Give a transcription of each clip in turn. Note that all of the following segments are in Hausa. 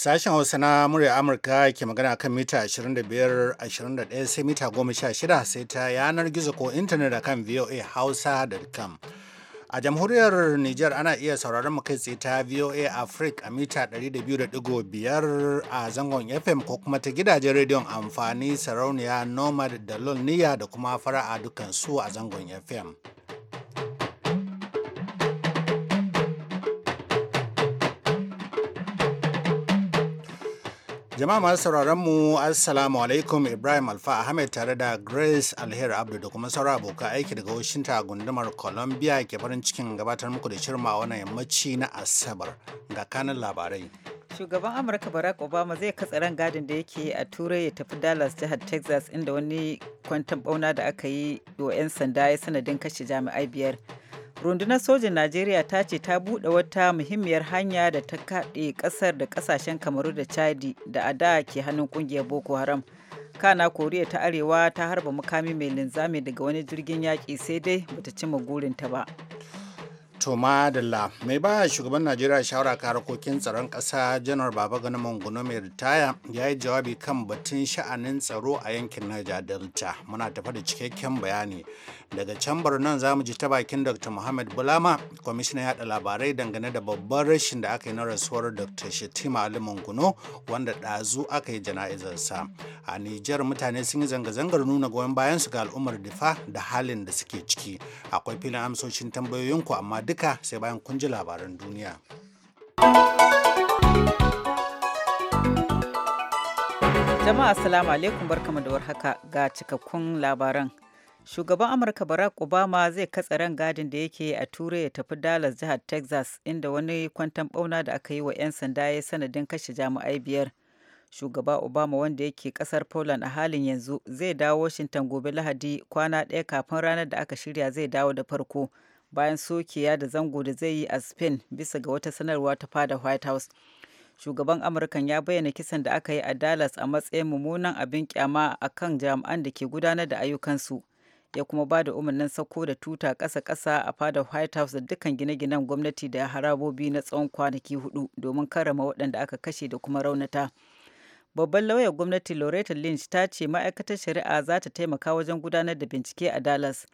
Sashen Hausa na murya Amurka ke magana kan mita 25-21 sai mita 16 sai ta yanar gizo ko intanet akan voahausa.com. A jamhuriyar Nijar ana iya sauraron mu kai tsaye ta VOA Africa a mita 200.5 a zangon FM ko kuma ta gidajen rediyon amfani sarauniya Nomad da Lulniya da kuma fara'a dukansu a zangon FM. Jama'a masu sauraron mu Assalamu alaikum Ibrahim Alfa Ahmed tare da Grace Alheri Abdu da kuma saura abokan aiki daga washinta gundumar Columbia ke farin cikin gabatar muku da shirma wannan yammaci na Asabar ga kanan labarai. Shugaban Amurka Barack Obama zai katsa ran gadin da yake a Turai ya tafi Dallas jihar Texas inda wani kwantan bauna da aka yi wa 'yan sanda ya sanadin kashe jami'ai biyar. rundunar sojin najeriya ta ce ta buɗe wata muhimmiyar hanya da ta kaɗe ƙasar da ƙasashen kamaru da chadi da a da ke hannun ƙungiyar boko haram kana koriya ta arewa ta harba mukami mai linzami daga wani jirgin yaƙi sai dai bata cima gurinta ba To mai ba shugaban Najeriya shawara ka harkokin tsaron ƙasa janar baba gani mangono mai ritaya ya yi jawabi kan batun sha'anin tsaro a yankin Najeriya Delta. Muna tafa da cikakken bayani. Daga can nan za mu ji ta bakin Dr. Muhammad Bulama, kwamishinan yaɗa labarai dangane da babban rashin da aka yi na rasuwar Dr. Shetima Ali Mangono wanda dazu aka yi jana'izarsa. A Nijar mutane sun yi zanga-zangar nuna goyon su ga al'ummar difa da halin da suke ciki. Akwai filin amsoshin tambayoyinku amma duka sai bayan kun labaran duniya. Jama'a Assalamu alaikum barkamu da warhaka ga cikakkun labaran. Shugaban Amurka Barack Obama zai katse ran gadin da yake a Turai ya tafi Dallas jihar Texas inda wani kwantan bauna da aka yi wa 'yan sanda ya sanadin kashe jami'ai biyar. Shugaba Obama wanda yake kasar Poland a halin yanzu zai dawo Washington gobe Lahadi kwana ɗaya kafin ranar da aka shirya zai dawo da farko bayan sokiya da zango da zai yi a spain bisa ga wata sanarwa ta fada white house shugaban amurkan ya bayyana kisan da aka yi a dallas a matsayin mummunan abin kyama a kan jami'an da ke gudanar da ayyukansu ya kuma ba da umarnin sauko da tuta ƙasa-ƙasa a fada white house da dukkan gine-ginen gwamnati da harabobi na tsawon kwanaki hudu domin karrama waɗanda aka kashe da kuma raunata babban lauyar gwamnati loretta lynch ta ce ma'aikatar shari'a za ta taimaka wajen gudanar da bincike a dallas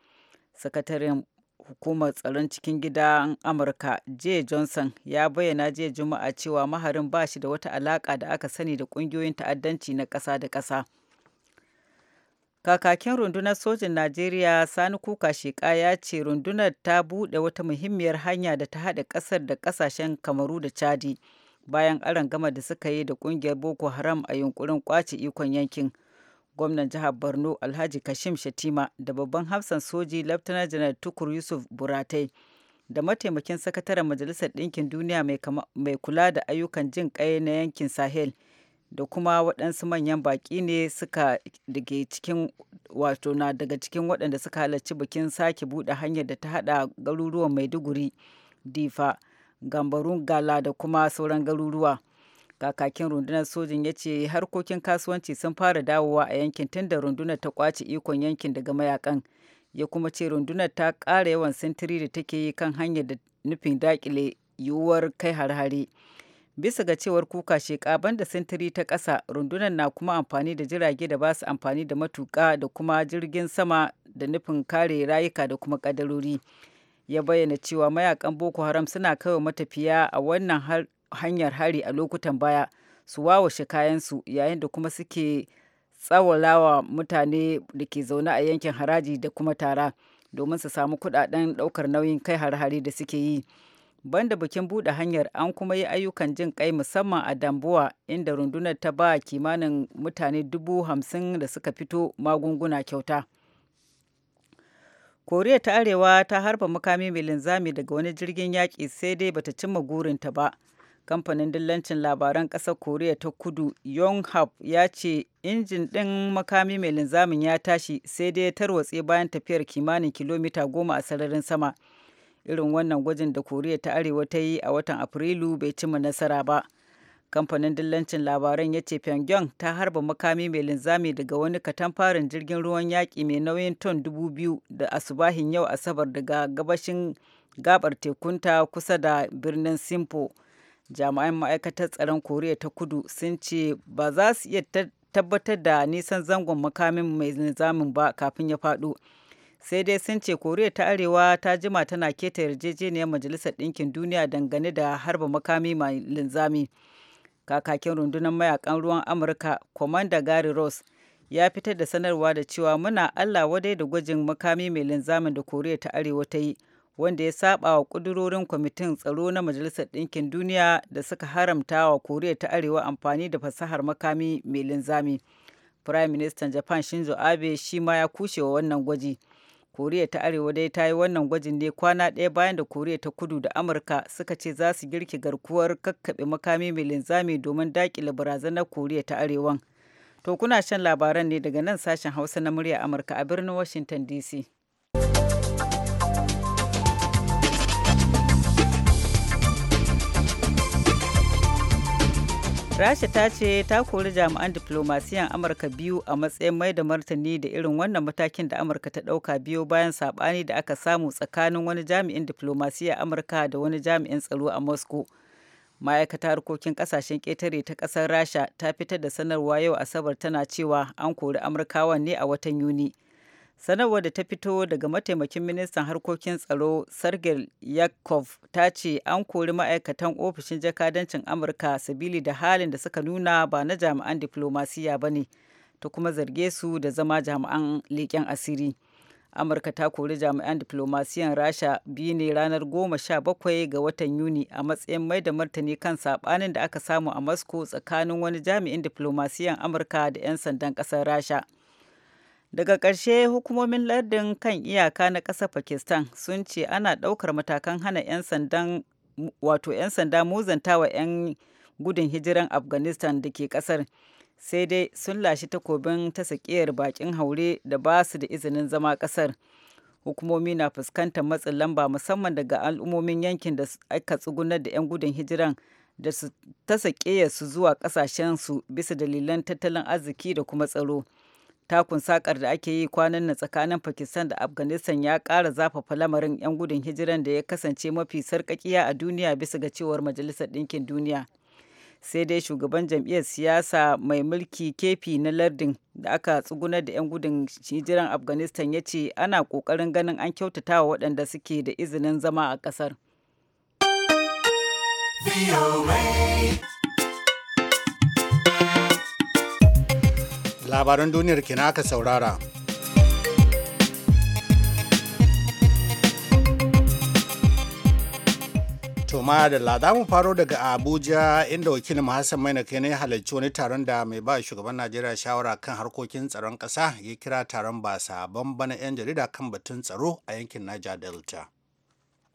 sakataren hukumar tsaron cikin gidan amurka jay johnson ya bayyana jiya juma'a cewa maharin ba shi da wata alaka da aka sani da kungiyoyin ta'addanci na ƙasa da ƙasa kakakin rundunar sojin najeriya sani kuka sheka ya ce rundunar ta buɗe wata muhimmiyar hanya da ta haɗa ƙasar da ƙasashen kamaru da chadi bayan aron gama da suka yi da ƙungiyar boko haram a yunkurin kwace ikon yankin gwamnan jihar borno alhaji kashim shatima da babban hafsan soji laftana janar tukur yusuf buratai da mataimakin sakataren majalisar ɗinkin duniya mai kula da ayyukan jin ƙai na yankin sahel da kuma waɗansu manyan baƙi ne suka daga cikin wato na daga cikin waɗanda suka halarci bikin sake buɗe hanyar da ta haɗa garuruwan maiduguri difa gambarun gala da kuma sauran garuruwa kakakin rundunar sojin ya ce harkokin kasuwanci sun fara dawowa a yankin tun da rundunar ta kwace ikon yankin daga mayakan ya kuma ce rundunar ta ƙara yawan sintiri da take yi kan hanyar da nufin dakile yiwuwar kai harhare. bisa ga cewar kuka shekaban da sintiri ta ƙasa rundunar na kuma amfani da jirage da ba su amfani da matuƙa da kuma jirgin sama da nufin kare rayuka da kuma kadarori ya bayyana cewa mayakan boko haram suna kaiwa matafiya a wannan hanyar hari a lokutan baya su wawashe kayansu yayin da kuma suke tsawalawa mutane da ke zaune a yankin haraji da kuma tara domin su samu kudaden daukar nauyin kai har-hari da suke yi banda bikin buɗe hanyar an kuma yi ayyukan jin kai musamman a dambuwa inda rundunar ta ba kimanin mutane dubu hamsin da suka fito magunguna kyauta koriya ta arewa ta harba makami mai linzami daga wani jirgin yaƙi sai dai bata cimma gurinta ba kamfanin dillancin labaran ƙasar koriya ta kudu yonhap ya ce injin ɗin makami mai linzamin ya tashi sai dai ya tarwatse bayan tafiyar kimanin kilomita goma a sararin sama irin wannan gwajin da koriya ta arewa ta yi a watan afrilu bai cimma nasara ba kamfanin dillancin labaran ya ce pyongyang ta harba makami mai linzami daga wani katamfarin jirgin ruwan yaƙi mai nauyin ton 2000 da asubahin yau asabar daga gabashin gabar tekunta kusa da birnin simpo jami'an ma'aikatar tsaron koriya ta kudu sun ce ba za su iya tabbatar da nisan zangon makamin mai nizamin ba kafin ya faɗo sai dai sun ce koriya ta arewa ta jima tana keta yarjejeniyar majalisar ɗinkin duniya dangane da harba makami mai linzami kakakin rundunar mayakan ruwan amurka commander gary ross ya fitar da sanarwa da cewa muna allah wadai da gwajin makami mai linzamin da koriya ta arewa ta yi wanda ya saba wa kudurorin kwamitin tsaro na majalisar ɗinkin duniya da suka haramta wa koriya ta arewa amfani da fasahar makami mai linzami prime minister japan shinzo abe shi ma ya kushe wa wannan gwaji koriya ta arewa dai ta yi wannan gwajin ne kwana ɗaya bayan da koriya ta kudu da amurka suka ce za su girki garkuwar kakkaɓe makami mai linzami domin dakile barazanar koriya ta arewan to kuna shan labaran ne daga nan sashen hausa na murya amurka a birnin washington dc rasha ta ce ta kori jami'an diplomasiyan amurka biyu a matsayin mai da martani da irin wannan matakin da amurka ta dauka biyu bayan sabani da aka samu tsakanin wani jami'in diplomasiya amurka da wani jami'in tsaro a moscow ma'aikata harkokin kasashen ƙetare ta ƙasar rasha ta fitar da sanarwa yau asabar tana cewa an kori amurkawan ne a watan yuni sanarwar da ta fito daga mataimakin ministan harkokin tsaro sergei yakov ta ce an kori ma'aikatan ofishin jakadancin amurka sabili da halin da suka nuna ba na jami'an diflomasiya ba ne ta kuma zarge su da zama jami'an leƙen asiri amurka ta kori jami'an diflomasiyan rasha biyu ne ranar goma sha bakwai ga watan yuni a matsayin mai da martani kan saɓanin da aka samu a moscow tsakanin wani jami'in diflomasiyan amurka da 'yan sandan ƙasar rasha daga ƙarshe hukumomin lardin kan iyaka na ƙasar pakistan sun ce ana ɗaukar matakan hana 'yan sandan wato 'yan sanda muzantawa 'yan gudun hijiran afghanistan da ke ƙasar sai dai sun lashe takobin ta sakiyar bakin haure da ba su da izinin zama ƙasar hukumomi na fuskantar matsin lamba musamman daga al'ummomin yankin da aka tsugunar da 'yan gudun hijiran da su ta su zuwa ƙasashensu bisa dalilan tattalin arziki da kuma tsaro. takun sakar da ake yi kwanan na tsakanin pakistan da afghanistan ya ƙara zafafa lamarin 'yan gudun hijiran da ya kasance mafi sarkakiya a duniya bisa ga cewar majalisar ɗinkin duniya sai dai shugaban jam'iyyar siyasa mai mulki kefi na lardin da aka tsugunar da 'yan gudun hijiran afghanistan ya ce ana ƙoƙarin ganin an kyautata wa waɗanda suke da izinin zama a ƙasar. labaran duniyar kina aka saurara Toma da lada mu faro daga Abuja inda wakilin Hassan Maina kai ne halarci wani taron da mai ba shugaban Najeriya shawara kan harkokin tsaron kasa ya kira taron ba sabon bana 'yan jarida kan batun tsaro a yankin naja Delta.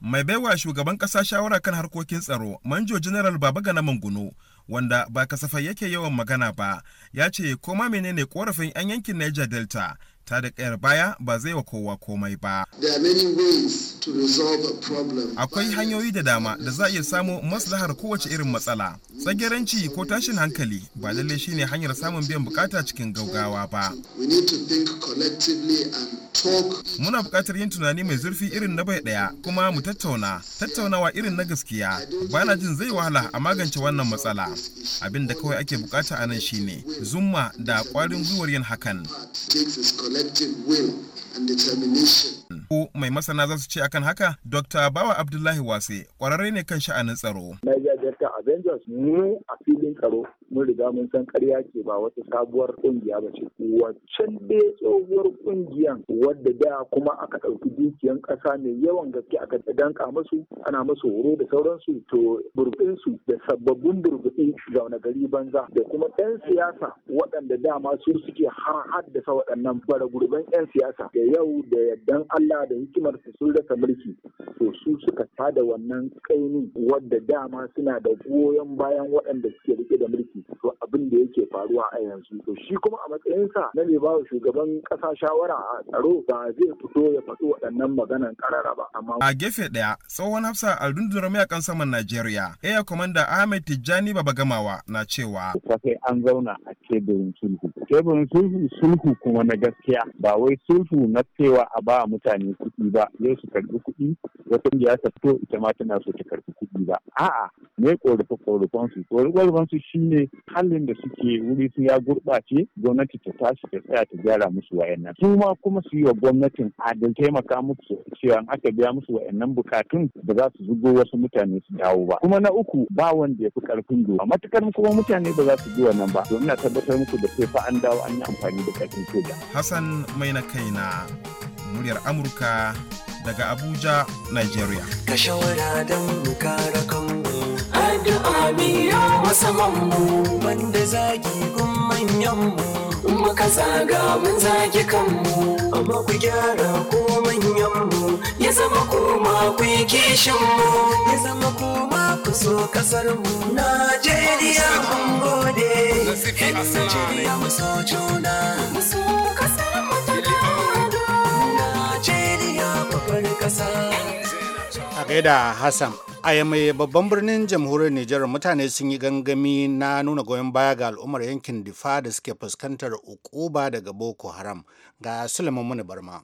Mai baiwa shugaban ƙasa shawara kan harkokin tsaro, Manjo General Babagana Manguno wanda ba kasafai yake yawan magana ba ya ce koma menene korafin 'yan yankin niger delta ta da ƙayar baya ba zai wa kowa komai ba. Akwai hanyoyi da dama da za a iya samo maslahar kowace irin matsala. Tsagiranci ko tashin hankali ba lallai ne hanyar samun biyan bukata cikin gaugawa ba. Muna bukatar yin tunani mai zurfi irin na bai ɗaya kuma mu tattauna, tattaunawa irin na gaskiya. Bana jin zai wahala a magance wannan matsala. Abin da kawai ake bukata a nan shine zumma da kwarin gwiwar yin hakan. collective will and determination. Ko mai masana za su ce akan haka? Dr. Bawa Abdullahi Wase kwararre ne kan sha'anin tsaro. Niger Delta Avengers mu a filin tsaro mun riga mun san karya ce ba wata sabuwar ƙungiya ba ce waccan dai tsohuwar ƙungiyan wadda da kuma aka ɗauki dukiyan ƙasa mai yawan gaske aka danka musu ana musu horo da sauransu to su da sababbin burbuɗi zaune gari banza da kuma 'yan siyasa waɗanda dama su suke har haddasa waɗannan bara gurban 'yan siyasa da yau da yaddan Allah da hikimar su sun rasa mulki to su suka tada wannan kaini wadda dama suna da goyon bayan waɗanda suke rike da mulki to abin da yake faruwa a yanzu to shi kuma a matsayinsa na mai bawa shugaban ƙasa shawara a tsaro ba zai fito ya faɗi waɗannan maganan karara ba amma a gefe ɗaya tsohon hafsa a rundunar mayakan saman Najeriya Air Commander Ahmed Tijjani Babagamawa na cewa sai an zauna a teburin sulhu teburin sulhu sulhu kuma na gaskiya ba wai sulhu na cewa a ba mutane kuɗi ba yau su karɓi kuɗi wata ƙungiya ta fito ita ma tana so ta karɓi kuɗi ba a'a me ƙorafe ƙorafen su shine halin da suke wuri su ya gurɓace gwamnati ta tashi ta tsaya ta gyara musu wayannan su ma kuma su yi wa gwamnatin adal taimaka musu cewa in aka biya musu wayannan bukatun da za su zugo wasu mutane su dawo ba kuma na uku ba wanda ya fi karfin doka matukar kuma mutane ba za su bi wannan ba Don ina tabbatar muku da sai fa an dawo an yi amfani da karfin soja. Hassan mai na kai na muryar Amurka daga Abuja, Nigeria. Ka shawara don kare addu'a biyo masamanmu banda zaki gun manyanmu muka zaga mun zagi kanmu amma ku gyara ko manyanmu ya zama kuma ku yi kishinmu ya zama kuma ku so kasarmu najeriya mun gode yan najeriya mu so juna mu so kasarmu ta najeriya babbar kasa a gaida hassan a mai babban birnin jamhuriyar nijar mutane sun yi gangami na nuna goyon baya ga al'ummar yankin difa da suke fuskantar ukuba daga boko haram ga sulaiman muni barma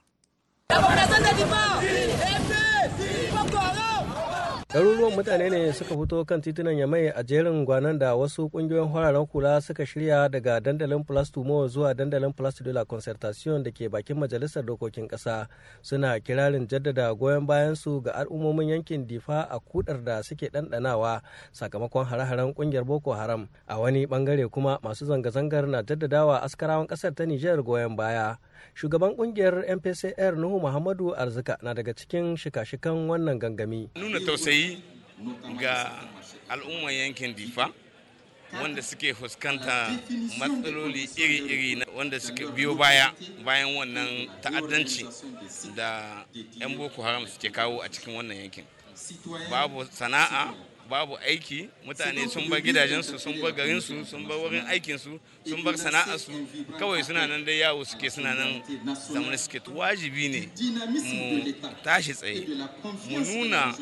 Ɗaruruwan mutane ne suka fito kan titunan Yamai a jerin gwanan da wasu ƙungiyoyin hararen kula suka shirya daga dandalin plastumo zuwa dandalin Place de Concertation da ke bakin Majalisar Dokokin Ƙasa suna kirarin jaddada goyon bayansu ga al'ummomin yankin Difa a kudar da suke ɗanɗanawa sakamakon hare-haren ƙungiyar Boko Haram. A wani ɓangare kuma masu zanga-zangar na jaddadawa askarawan ƙasar ta Nijar goyon baya. shugaban kungiyar mpcr nuhu muhammadu arzika na daga cikin shika-shikan wannan gangami nuna tausayi ga al'umman yankin difa wanda suke fuskanta matsaloli iri-iri wanda suke biyo baya bayan wannan ta'addanci da 'yan boko haram suke kawo a cikin wannan yankin babu sana'a babu aiki mutane sun bar gidajensu sun bar garinsu sun bar wurin aikinsu sun bar sana'arsu kawai suna nan dai yawo suke suna nan zaman suke wajibi ne mu tashi tsaye mu nuna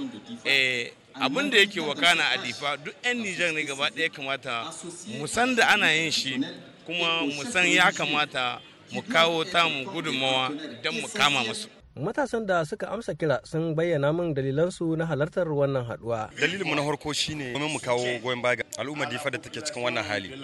eh, abin da yake wakana a difa duk 'yan nijar ne gaba ɗaya kamata mu san da ana yin shi kuma mu san ya kamata mu kawo tamu gudunmawa don mu kama musu matasan da suka amsa kira sun bayyana min dalilansu na halartar wannan haduwa dalilinmu na farko shine domin mu kawo goyon baya al'ummar difa da take cikin wannan hali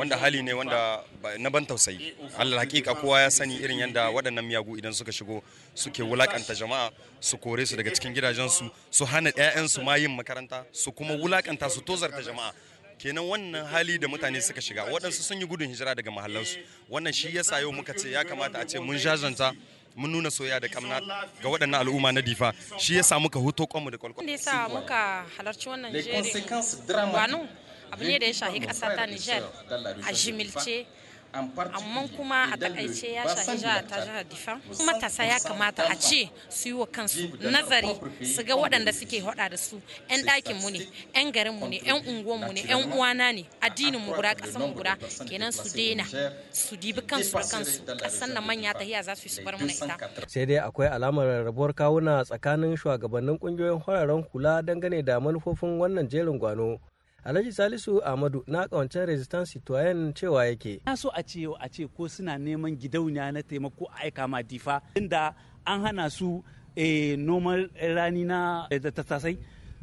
wanda hali ne wanda na ban tausayi allah hakika kowa ya sani irin yadda waɗannan miyagu idan suka shigo suke wulakanta jama'a su kore su daga cikin gidajensu su hana 'ya'yansu ma yin makaranta su kuma wulakanta su tozarta jama'a kenan wannan hali da mutane suka shiga waɗansu sun yi gudun hijira daga mahallansu wannan shi yasa yau muka ce ya kamata a ce mun jajanta mun nuna soya da kamna ga waɗannan al'umma na difa shi ya samu ka hoto kwanmu da kwalkwal. ya sa muka halarci wannan jerin abu ne da ya shahi ƙasa ta Nijar a jimilce amma kuma a takaice ya shafi jihar ta jihar difa kuma matasa ya kamata a ce su yi wa kansu nazari su ga waɗanda suke hada da su 'yan ɗakin mu ne 'yan garin mu ne 'yan unguwan mu ne 'yan uwana ne addinin mu guda kasan mu guda kenan su daina su dibi kansu da kansu ƙasan na manya ta hiya za su yi su bar mana ita sai dai akwai alamar rarrabuwar kawuna tsakanin shugabannin kungiyoyin hararen kula dangane da manufofin wannan jerin gwano alhaji salisu ahmadu na kawancen resistance citoyen cewa yake na so a ce a ce ko suna neman gidauniya na taimako aika ma difa inda an hana su eh, noman rani na eh, tasai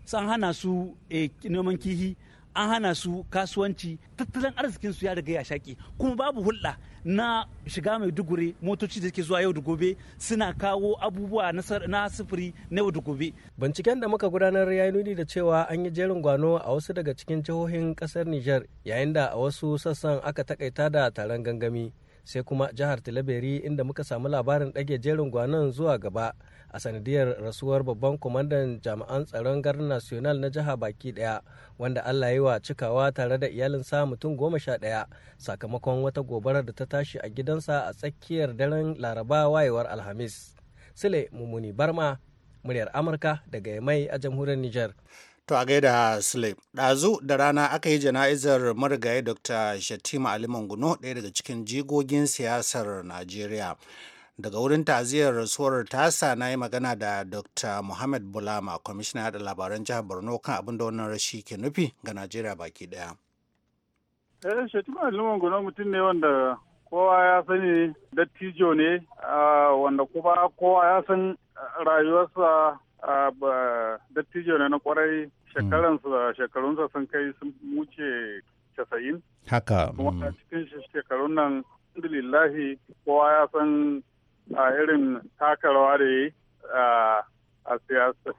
sun hana su eh, neman kihi an hana su kasuwanci tattalin arzikinsu ya riga ya shaki kuma babu hulɗa na shiga mai dugure motoci da ke zuwa yau da gobe suna kawo abubuwa na sufuri na yau da gobe. Binciken da muka gudanar ya nuni da cewa an yi jerin gwano a wasu daga cikin jihohin kasar Nijar yayin da a wasu sassan aka takaita da taron gangami. sai kuma jihar Tilaberi inda muka samu labarin ɗage jerin gwanon zuwa gaba a sanadiyar rasuwar babban kwamandan jami'an tsaron Garin national na jiha baki daya wanda Allah yi wa cikawa tare da iyalinsa mutum goma sha ɗaya sakamakon wata gobarar da ta tashi a gidansa a tsakiyar daren laraba wayewar alhamis. Sule Mumuni Barma, muryar Amurka daga Yamai a jamhuriyar Nijar. To a gaida Slip, ɗazu da rana aka yi jana'izar marigayi Dr. Shatima Ali Manguno ɗaya daga cikin jigogin siyasar Najeriya. Daga wurin taziyar rasuwar tasa na yi magana da Dr. Muhammad Bulama, kwamishina yada labaran jihar Borno kan abin da wannan rashi ke nufi ga Najeriya baki ɗaya. Eh, Shatima Ali Manguno mutum ne wanda kowa ya sani dattijo ne, ah, wanda kuma kowa ya san rayuwarsa dattijo ne na kwarai shekarunsa sun kai sun wuce casa'in. Haka. Kuma mm. cikin shekarun nan, alhamdulillahi kowa ya san a irin takarwa da ya a siyasa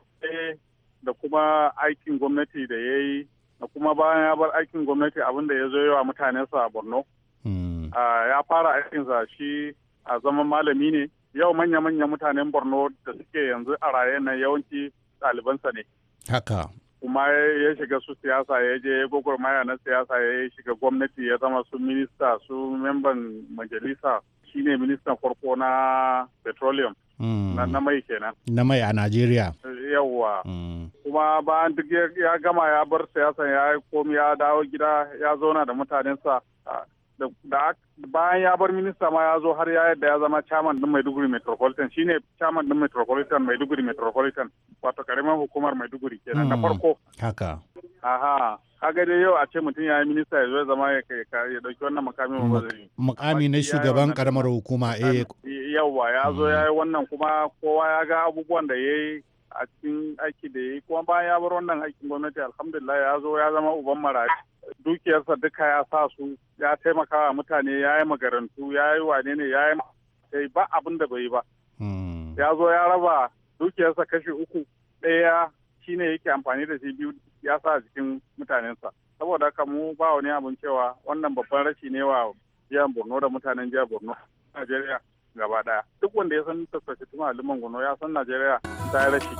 da kuma aikin gwamnati da ya yi da kuma bayan ya bar aikin gwamnati abin da ya zo yawa mutane sa a borno mm. ya fara aikinsa shi a zaman malami ne yau manya-manya mutanen borno da suke yanzu a raye na yawanci ɗalibansa ne haka kuma ya shiga su siyasa ya je maya na siyasa ya shiga gwamnati ya zama su minista su memban majalisa shine ministan farko na petroleum mm. na mai kenan na mai a najeriya yawwa mm. kuma bayan duk ya gama ya bar siyasa ya komi ya dawo gida ya zauna da mutanensa da bayan ya bar minista ma ya zo har ya yadda ya zama chairman din Maiduguri Metropolitan shine chairman din Metropolitan Maiduguri Metropolitan wato karamin hukumar Maiduguri kenan na mm. farko haka aha kaga dai yau a ce mutum ya yi minista ya zo ya zama ya dauki wannan makami ba zai makami na shugaban karamar hukuma eh yawa ya zo mm. ya yi wannan kuma kowa ya ga abubuwan da yayi a cikin aiki da ya yi kuma bayan ya bar wannan aikin gwamnati alhamdulillah ya zo ya zama uban marayu dukiyarsa duka ya sa su ya taimaka wa mutane ya yi magarantu ya yi wane ne ya yi ba abin da bai ba hmm. ya zo ya raba dukiyarsa kashi uku ɗaya shine yake amfani da shi biyu ya sa jikin mutanensa saboda haka mu ba wani abin cewa wannan babban rashi ne wa jihar borno da mutanen jihar borno najeriya gaba daya duk wanda ya san tattace tuma liman gono ya san najeriya ta yi rashi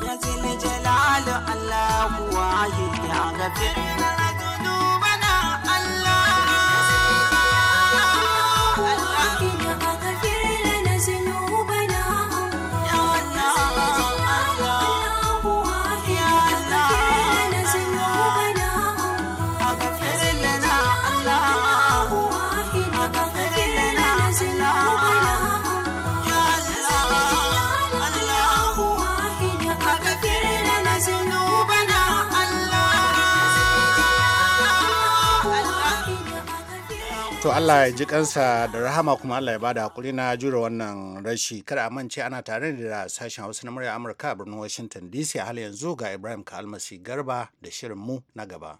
to Allah ya ji kansa da rahama kuma Allah ya bada hakuri na jure wannan rashi kada a mance ana tare da sashen Hausa na murya Amurka a birnin Washington DC a hal yanzu ga Ibrahim Kalmasi Garba da shirin mu na gaba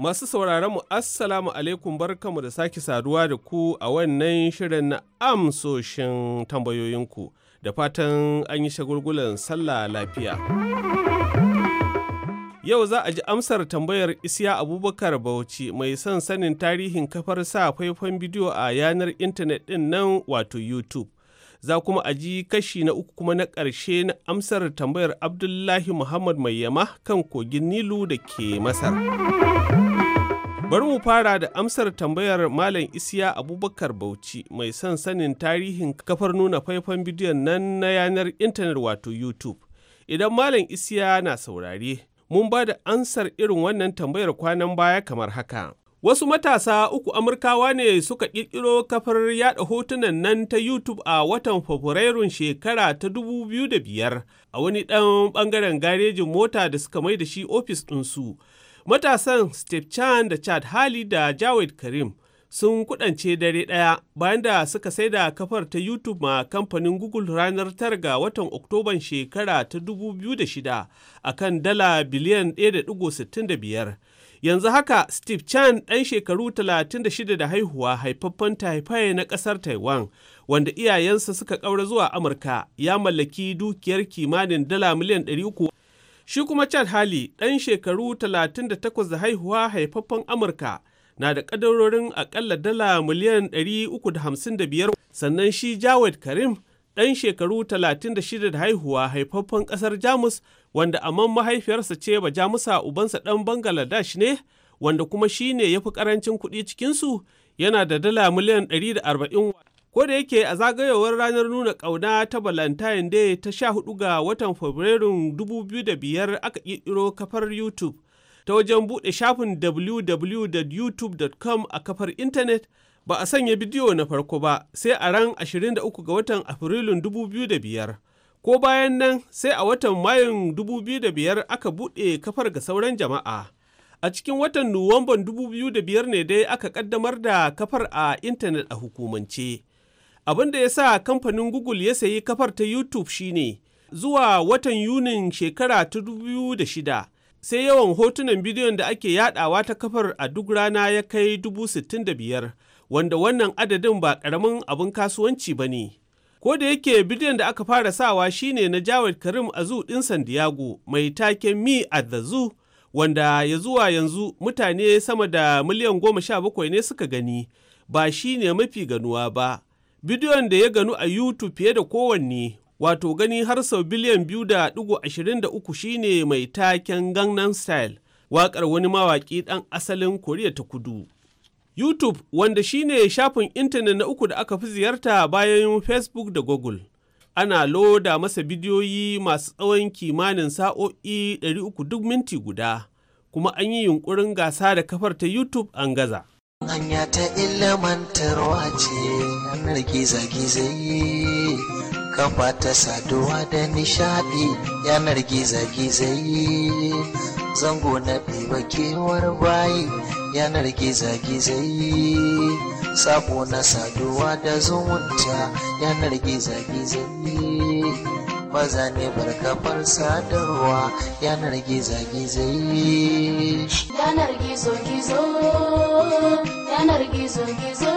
Masu sauraron mu Assalamu alaikum barkamu da sake saduwa da ku a wannan shirin na amsoshin tambayoyinku da fatan an yi shagulgulan sallah lafiya. Yau za a ji amsar tambayar Isiya Abubakar Bauchi mai son sanin tarihin kafar sa faifan bidiyo a yanar intanet ɗin nan wato YouTube. za kuma a ji kashi na uku kuma na ƙarshe na amsar tambayar abdullahi muhammad mai yama kan kogin nilu da ke masar bari mu fara da amsar tambayar malam isiya abubakar bauchi mai son sanin tarihin kafar nuna faifan bidiyon nan na yanar intanet wato youtube idan malam isiya na saurare mun ba da ansar irin wannan tambayar kwanan baya kamar haka Wasu matasa uku Amurkawa ne suka ƙirƙiro kafar yaɗa hotunan nan ta YouTube a watan Fabrairun shekara ta biyar, a wani ɗan ɓangaren garejin mota da suka mai da shi ofis ɗinsu. Matasan Steve Chan da Chad Hali da Jawed Karim sun kudance dare ɗaya bayan da suka sai da kafar ta YouTube ma kamfanin Google ranar tara ga watan Oktoban shekara ta 2006 akan dala biliyan 1.65. Yanzu haka Steve Chan ɗan shekaru 36 da haihuwa haifaffen taifaye na ƙasar Taiwan, wanda iyayensa suka ƙaura zuwa Amurka ya mallaki dukiyar kimanin dala miliyan 300. Shi kuma Chad Hali ɗan shekaru 38 da haihuwa haifaffen Amurka na da ƙadarorin aƙalla dala miliyan 355 sannan shi Jawed Karim ɗan shekaru 36 da haihuwa haifaffen ƙasar Jamus wanda amman mahaifiyarsa ce ba Jamusa ubansa ɗan Bangaladesh ne wanda kuma shi ne ya fi ƙarancin kuɗi cikinsu yana da dala miliyan 140. Ko da yake a zagayowar ranar nuna ƙauna ta Valentine Day ta 14 ga watan Fabrairun 2005 aka ƙirƙiro kafar YouTube ta wajen buɗe shafin www.youtube.com a kafar intanet ba a sanya bidiyo na farko ba sai a ran 23 ga watan Afrilun 2005. Ko bayan nan sai a watan Mayun 2005 aka buɗe kafar ga sauran jama'a. A cikin watan Nuwamban 2005 ne dai aka ƙaddamar da kafar a intanet a hukumance. Abin da ya sa kamfanin Google ya sayi kafar ta YouTube shine zuwa watan Yunin shekara ta 2006. Sai yawan hotunan bidiyon da ake yadawa ta kafar a duk rana ya kai dubu sittin da biyar. wanda wannan adadin ba ƙaramin abin kasuwanci ba ne. Ko da yake bidiyon da aka fara sawa shine na Jawed Karim a ɗin San Diego mai taken Me at the Zoo wanda ya zuwa yanzu mutane sama da miliyan goma sha bakwai ne suka gani ba shine mafi ganuwa ba. Bidiyon da ya ganu a YouTube fiye da kowanne wato gani har sau biliyan biyu da ɗigo ashirin da uku shine mai taken Gangnam Style waƙar wani mawaƙi ɗan asalin Koriya ta Kudu. YouTube wanda shine shafin intanet na uku da aka fi ziyarta bayan Facebook da Google. Ana loda masa bidiyoyi masu tsawon kimanin sa'o'i 300 duk minti guda, kuma an yi yunkurin gasa da kafar ta YouTube an gaza. Hanya ta ilmantarwa ce, kafa ta saduwa da nishadi yanar yi. zango na biba kewar bayi yanar yi. sabo na saduwa da zumunta yanar gizagizayi maza ne barkafar sadarwa yanar yi. yanar gizo-gizo yanar gizo-gizo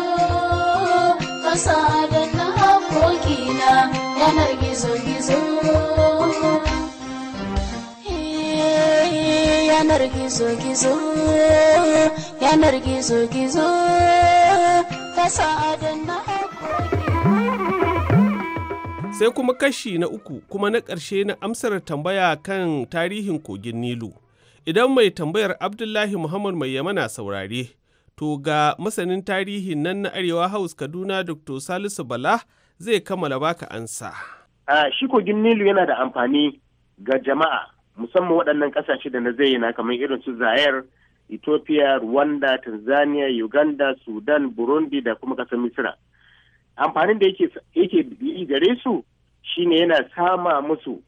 kasa da na Eh, yanar gizo-gizo yanar ta na sai kuma kashi na uku kuma na ƙarshe na amsar tambaya kan tarihin kogin nilu idan mai tambayar abdullahi muhammad mai yamana saurare to ga masanin tarihin nan na arewa house kaduna dr salisu bala zai kammala baka ansa. A shi kogin Nilu yana da amfani ga jama'a musamman waɗannan ƙasashe da na zai na, kamar irin su Zayar, Ethiopia, Rwanda, Tanzania, Uganda, Sudan, Burundi da kuma ƙasar Misira. Amfanin da yake yi gare su shine yana sama musu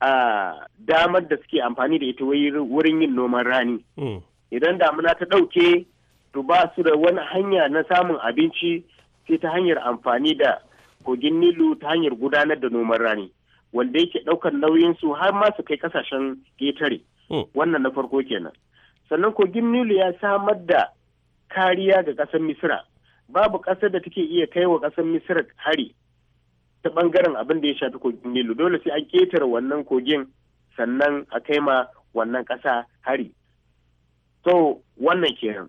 a damar da suke amfani da ita wurin yin noman rani. Hmm. Idan damuna ta ɗauke, to ba su da wani hanya na samun abinci sai ta hanyar amfani da kogin nilu ta hanyar gudanar da noman rani wanda yake ɗaukar nauyinsu har ma su kai kasashen getare. Hmm. wannan na farko kenan sannan kogin nilu ya samar da kariya ga ƙasar misira babu ƙasar da take iya kai wa ƙasar misira hari ta bangaren abin da ya shafi kogin nilu dole sai an ƙetare wannan kogin sannan a kai ma wannan ƙasa hari to wannan kenan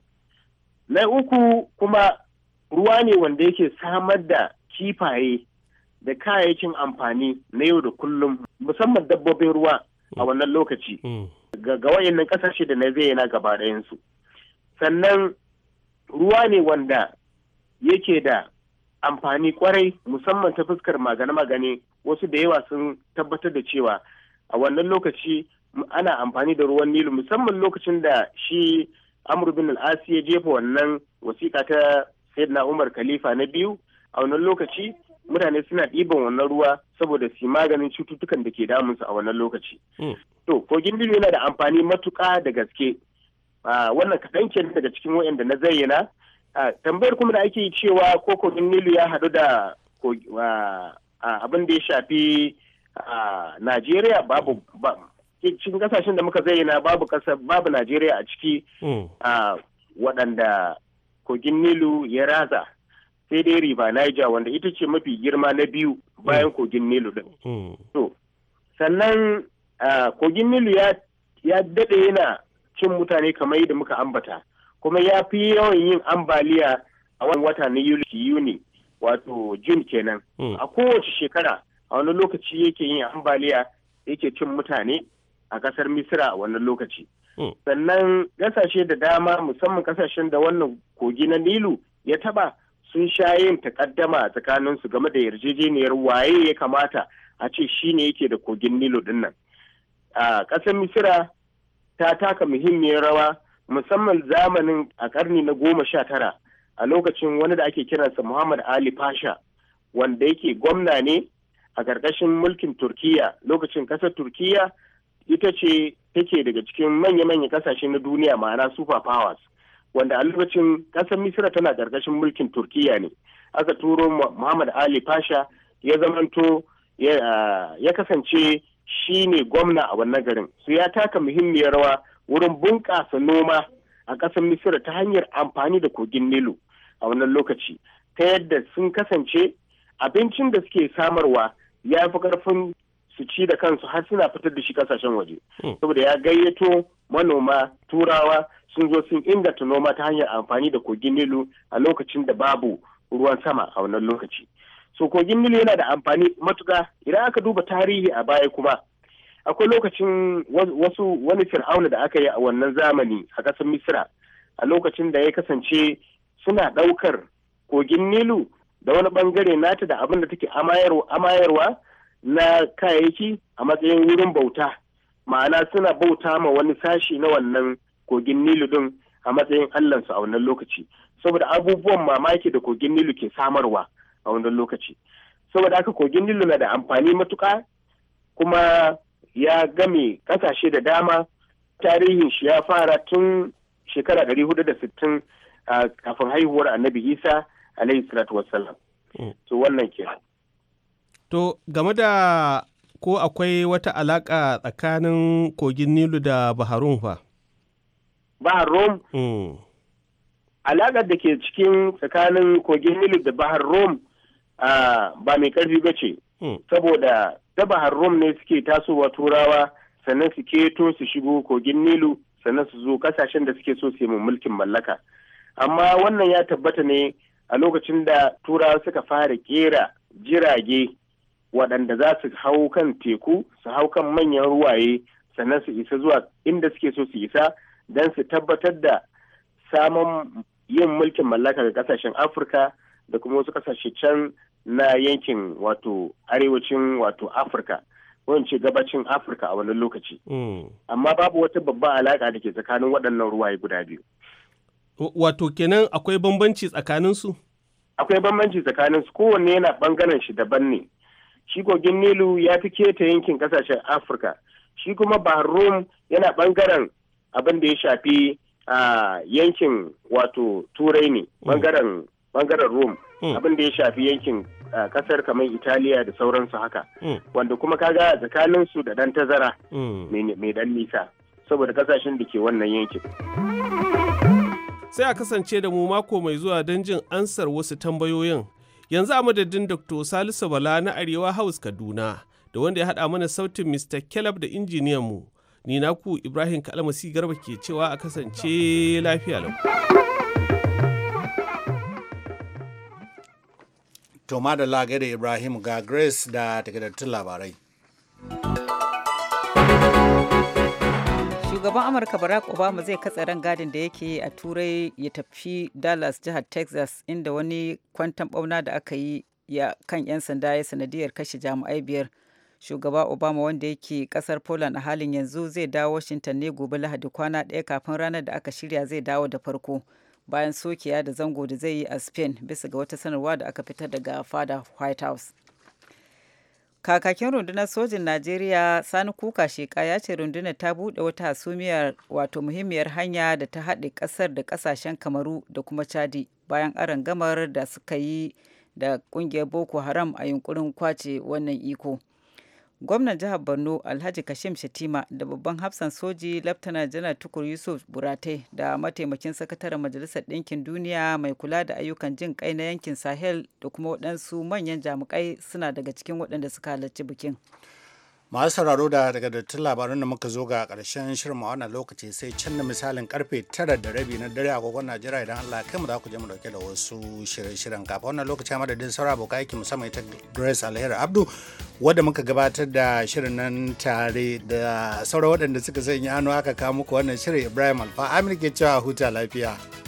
na uku kuma ruwa ne wanda yake samar da kifaye da kayayyakin amfani na yau da kullum musamman dabbobin ruwa a mm. wannan lokaci mm. ga wayannan kasashe da na na gaba ɗayansu sannan ruwa ne wanda yake da amfani kwarai musamman ta fuskar magane-magane wasu da yawa sun tabbatar da cewa a wannan lokaci ana amfani da ruwan nilu musamman lokacin da shi amur bin al'asi ya jefa wannan wasiƙa ta sayyidina umar khalifa na biyu a wannan lokaci mutane suna ɗiban wannan ruwa saboda su maganin cututtukan da ke damunsu a wannan lokaci. Hmm. To, kogin Nilu yana da amfani matuƙa da gaske. Wannan kaɗan ke daga cikin waɗanda na zayyana. Tambayar kuma da ake yi cewa ko kogin Nilu ya haɗu da abin da ya shafi Najeriya babu cikin kasashen da muka zayyana babu ƙasa babu Najeriya a ciki hmm. waɗanda kogin Nilu ya raza. sai dai riba niger wanda ita ce mafi girma na biyu bayan mm. kogin nilu din mm. to sannan kogin nilu ya daɗe yana cin mutane kamar yadda muka ambata kuma ya fi yawan yin ambaliya a wani wata na yuli yuni wato jun kenan mm. a kowace shekara a wani lokaci yake yin ambaliya yake cin mutane a kasar misira a wannan lokaci sannan kasashe da dama musamman kasashen da wannan kogi na nilu ya taba sun sha yin takaddama tsakanin su game da yarjejeniyar waye ya kamata a ce shi ne yake da kogin nilo dinnan a ƙasar misira ta taka muhimmiyar rawa musamman zamanin a ƙarni na goma sha tara a lokacin wani da ake kiransa muhammad ali pasha wanda yake gwamna ne a ƙarƙashin mulkin turkiya lokacin ƙasar turkiya ita ce take daga cikin manya-manya ƙasashe na duniya ma'ana super powers wanda a lokacin kasar misira tana gargashin mulkin turkiya ne aka turo muhammad ali pasha ya zamanto ya kasance shi ne gwamna a wannan garin su ya taka muhimmiyar rawa wurin bunƙasa noma a ƙasar misira ta hanyar amfani da kogin nilu a wannan lokaci ta yadda sun kasance abincin da suke samarwa ya fi ƙarfin su ci da kansu har suna fitar da shi kasashen waje hmm. saboda ya gayyato manoma turawa sun zo sun inganta noma ta hanyar amfani da kogin nilu a lokacin da babu ruwan sama a wannan lokaci so kogin nilu yana da amfani matuka idan aka duba tarihi a baya kuma akwai lokacin wasu wani fir'auna da aka yi a wannan zamani a ƙasar misira a lokacin da ya kasance suna ɗaukar kogin nilu da wani bangare nata da abin da take amayarwa na kayayyaki a matsayin wurin bauta ma'ana suna bauta ma wani sashi na wannan kogin nilu din a matsayin allansu a wannan lokaci saboda abubuwan mamaki da kogin nilu ke samarwa a wannan lokaci saboda haka kogin nilu na da amfani matuka kuma ya game kasashe da dama tarihin shi ya fara tun shekara sittin kafin haihuwar annabi isa alaihi salatu wassalam mm. to wannan kenan To game da ko akwai wata alaƙa tsakanin kogin Nilu da Baharun fa? Baharun? Mm. Alaƙar da ke cikin tsakanin kogin Nilu da Baharun ba mai ƙarfi ba ce, mm. saboda ta Baharun ne suke tasowa turawa sannan su keto su shigo kogin Nilu sannan su zo kasashen da suke so su yi mulkin mallaka. Amma wannan ya tabbata ne a lokacin da turawa suka fara kera jirage waɗanda za su hau kan teku su hau kan manyan ruwaye sannan su isa zuwa inda suke so su isa don su tabbatar da samun yin mulkin mallaka ga kasashen afirka da kuma wasu kasashe can na yankin wato arewacin wato afirka wance gabacin afirka a wani lokaci mm. amma babu wata babbar alaka da ke tsakanin waɗannan ruwaye guda biyu wato kenan akwai bambanci tsakaninsu akwai bambanci tsakaninsu kowanne yana bangaren shi daban ne shi kogin nilu ya fi keta yankin kasashen afirka shi kuma bahrum yana bangaren abin da ya shafi a yankin wato turai ne bangaren mm. bangaren rom mm. abin da ya shafi yankin kasar kamar italiya da sauransu haka mm. wanda kuma kaga tsakanin su da dan tazara mai dan nisa saboda kasashen da ke wannan yankin sai a kasance da mu mako mai zuwa don jin ansar wasu tambayoyin yanzu a madadin dr salisu bala na arewa house kaduna da wanda ya haɗa mana sautin mr caleb da injiniyan mu ni ku ibrahim kalmasi garba ke cewa a kasance lafiya lau to da lagai ibrahim ga grace da takardattun labarai shugaban amurka barack obama zai katse ran gadin da yake a turai ya tafi dallas jihar texas inda wani kwantan bauna da aka yi ya kan 'yan sanda ya sanadiyar kashe jami'ai biyar shugaba obama wanda yake kasar poland a halin yanzu zai dawo washington ne gobe lahadi kwana ɗaya kafin ranar da aka shirya zai dawo da farko bayan sokiya da zango da zai yi a spain bisa ga wata sanarwa da aka fitar daga fada white house kakakin rundunar sojin najeriya sani kuka sheka ya ce rundunar ta buɗe wata hasumiyar wato muhimmiyar hanya da ta haɗe ƙasar da ƙasashen kamaru da kuma chadi bayan aron gamar da suka yi da ƙungiyar boko haram a yunkurin kwace wannan iko gwamnan jihar borno alhaji kashim shatima da babban hafsan soji laftana janar tukur yusuf buratai da mataimakin sakataren majalisar ɗinkin duniya mai kula da ayyukan jin kai na yankin sahel da kuma waɗansu manyan jami'ai suna daga cikin waɗanda suka halarci bikin masu sauraro da daga dattin labaran da muka zo ga karshen shirin a wannan lokaci sai can da misalin karfe tara da rabi na dare agogon najeriya idan allah kai mu za ku je mu dauke da wasu shirin shirin kafa wannan lokaci madadin saura abokan aiki musamman ita grace alheri abdu wadda muka gabatar da shirin nan tare da sauran waɗanda suka sanya hannu aka kawo muku wannan shirin ibrahim alfa amir ke cewa huta lafiya.